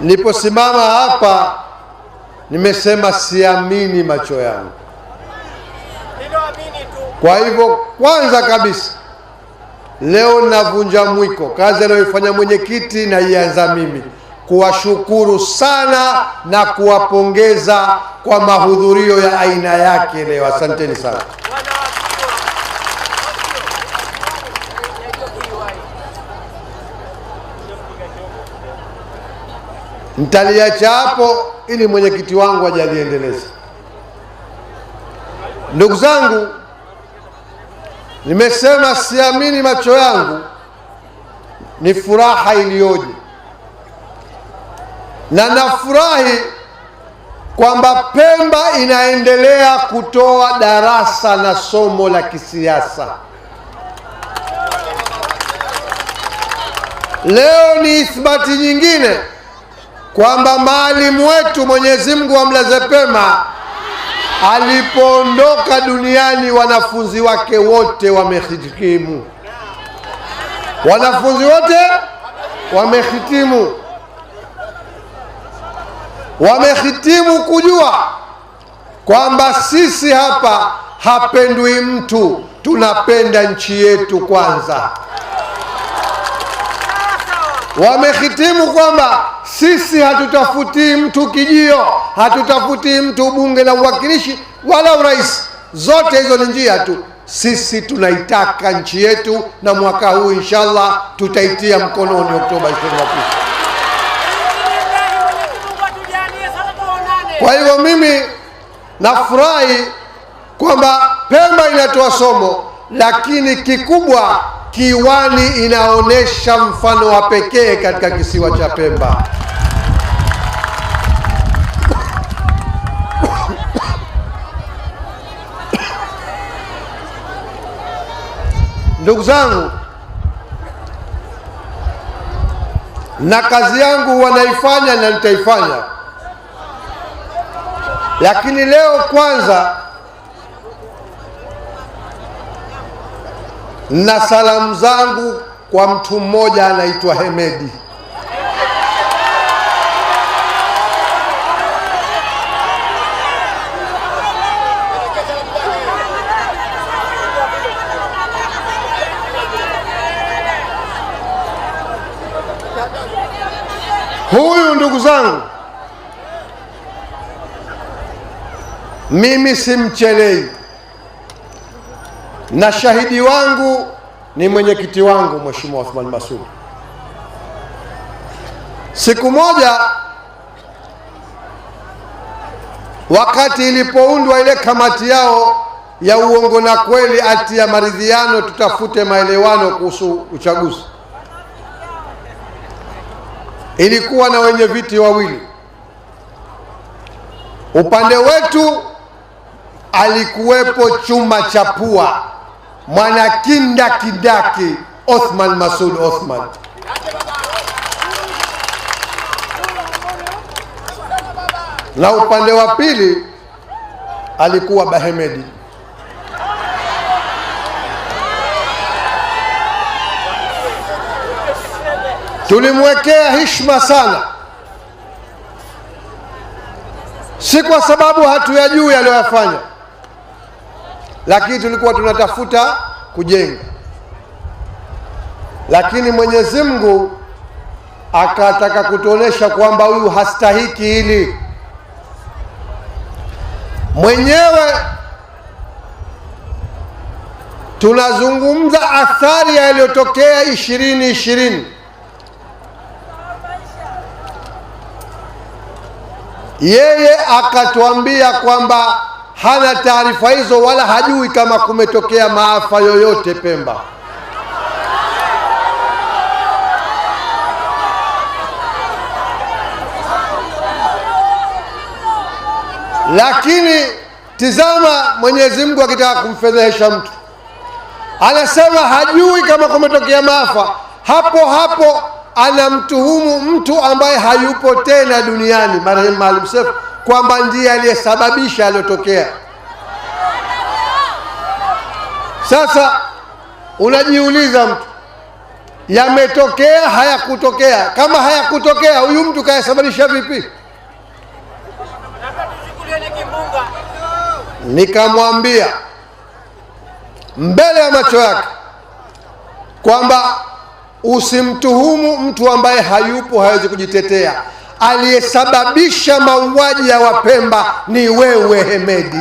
Niliposimama hapa nimesema siamini macho yangu. Kwa hivyo, kwanza kabisa leo navunja mwiko kazi anayoifanya mwenyekiti, naianza mimi kuwashukuru sana na kuwapongeza kwa mahudhurio ya aina yake leo. Asanteni sana. ntaliacha hapo ili mwenyekiti wangu ajaliendeleza. Ndugu zangu, nimesema siamini macho yangu, ni furaha iliyoje! Na nafurahi kwamba Pemba inaendelea kutoa darasa na somo la kisiasa. Leo ni ithibati nyingine kwamba maalimu wetu Mwenyezi Mungu amlaze pema, alipoondoka duniani wanafunzi wake wote wamehitimu, wanafunzi wote wamehitimu, wamehitimu kujua kwamba sisi hapa hapendwi mtu, tunapenda nchi yetu kwanza. Wamehitimu kwamba sisi hatutafutii mtu kijio, hatutafutii mtu bunge la uwakilishi wala urais. Zote hizo ni njia tu. Sisi tunaitaka nchi yetu, na mwaka huu inshallah tutaitia mkononi Oktoba 29. Kwa hivyo mimi nafurahi kwamba Pemba inatoa somo, lakini kikubwa Kiwani inaonyesha mfano wa pekee katika kisiwa cha Pemba. Ndugu zangu, na kazi yangu wanaifanya na nitaifanya, lakini leo kwanza na salamu zangu kwa mtu mmoja anaitwa Hemedi. Huyu ndugu zangu, mimi simchelei na shahidi wangu ni mwenyekiti wangu Mheshimiwa Othman Masud. Siku moja wakati ilipoundwa ile kamati yao ya uongo na kweli, ati ya maridhiano, tutafute maelewano kuhusu uchaguzi, ilikuwa na wenye viti wawili. Upande wetu alikuwepo chuma cha pua mwana kinda Othman Masud Othman. Na upande wa pili alikuwa Bahemedi. Tulimwekea heshima sana, si kwa sababu hatuyajui aliyoyafanya lakini tulikuwa tunatafuta kujenga, lakini Mwenyezi Mungu akataka kutuonesha kwamba huyu hastahiki hili. Mwenyewe tunazungumza athari yaliyotokea ishirini ishirini yeye akatuambia kwamba hana taarifa hizo wala hajui kama kumetokea maafa yoyote Pemba. Lakini tizama, Mwenyezi Mungu akitaka kumfedhehesha mtu anasema hajui kama kumetokea maafa, hapo hapo anamtuhumu mtu ambaye hayupo tena duniani, marehemu Maalim Seif kwamba ndiye aliyesababisha aliyotokea. Sasa unajiuliza mtu, yametokea hayakutokea? Kama hayakutokea, huyu mtu kayasababisha vipi? Nikamwambia mbele ya macho yake kwamba usimtuhumu mtu ambaye hayupo, hawezi kujitetea aliyesababisha mauaji ya Wapemba ni wewe Hemedi.